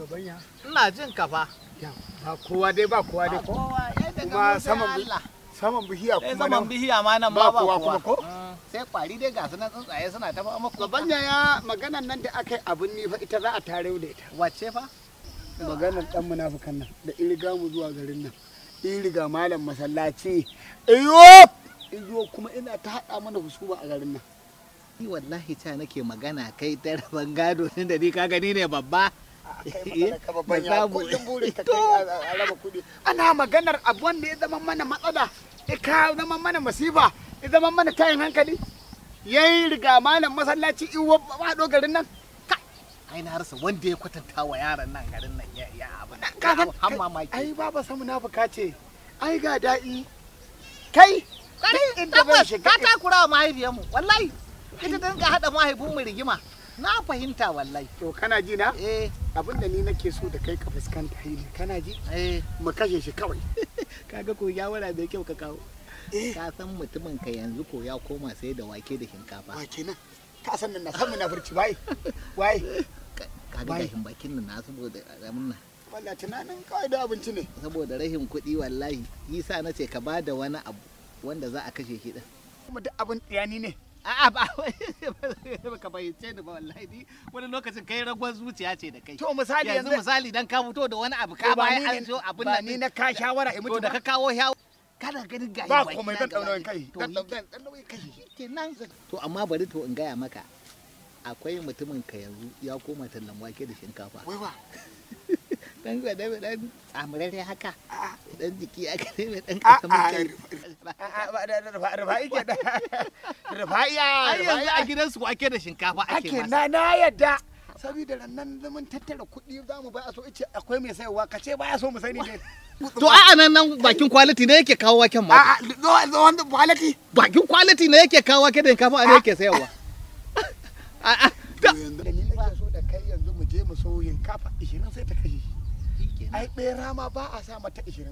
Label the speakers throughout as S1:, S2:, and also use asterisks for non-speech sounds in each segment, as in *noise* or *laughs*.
S1: gabanya ina jin ka fa ba kowa dai ba kowa dai ko eh, kuma saman saman bihiya kuma saman bihiya ma nan ba kowa kuma ko mm. sai kwari dai ga sunan tsuntsaye suna ta fama ko gabanya ya maganan nan da aka yi abin ni fa ita za a tare da ita wace fa maganar dan munafukan nan da iriga mu zuwa garin nan iriga malam masallaci iyo iyo kuma ina ta hada mana husuma a garin nan ni wallahi ta nake magana kai ta rabon gado tun da ni ka gani ne babba Eh? ana maganar abuwan da ya zama mana matsala ya zama mana masifa ya zama mana tayin hankali ya yi riga malam masallaci iwo faɗo garin nan ai na rasa wanda ya kwatanta wa yaran nan garin nan ya ya abu nan ka san ba baba samu na fuka ce ai ga da'i kai kai inda ban shiga ka takura mahaifiyarmu wallahi ita dinka hada mahaifin mu rigima na fahimta wallahi to kana ji na eh abin da ni nake so da kai ka fuskanta ne kana ji eh mu kashe shi kawai *laughs* kaga ko yawara da kyau ka kawo eh. ka san mutumin ka yanzu ko ya koma sai da wake da shinkafa wake na ka san nan na san na furci bai wai kaga da bakin nan na saboda ramin nan wallahi tunanin kawai da abinci ne saboda rahin kuɗi wallahi yi na ce ka bada wani abu wanda za a kashe shi din kuma duk abin tsiyani ne a'a ba baka fahimce ni ba wallahi ni wani lokacin kai ragwar zuciya ce da kai to misali yanzu misali dan ka fito da wani abu ka bayan an zo abin nan ni na ka shawara in mutu da ka kawo shawara kana ganin gayi ba komai zan dauna kai dan dauna kai kenan to amma bari to in gaya maka akwai mutumin ka yanzu ya koma tallan wake da shinkafa wai wa *laughs* dan dan dan tsamurare haka dan jiki aka ne dan kasa rufa'i ke da *laughs* rufa'i yanzu a gidansu ake da shinkafa ake na na yadda saboda nan zaman tattara kuɗi za mu ba a so ice akwai mai sayarwa ka ce baya so mu sani ne to a a nan bakin kwaliti ne yake kawo waken ma a kwaliti bakin kwaliti ne yake kawo waken da kafa ne yake sayarwa *laughs* da da kai yanzu mu je mu so ai bera ma ba a sa mata 20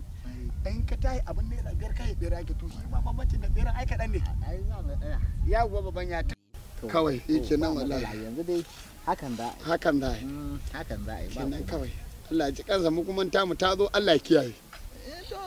S1: in ka tayi abin ne bera ake da ai kaɗan ne ya baban ya kawai yake nan wallahi yanzu dai hakan za hakan mm, hakan yi kenan kawai Allah ya ji kansa mu kuma ta mu ta zo Allah ya kiyaye eh,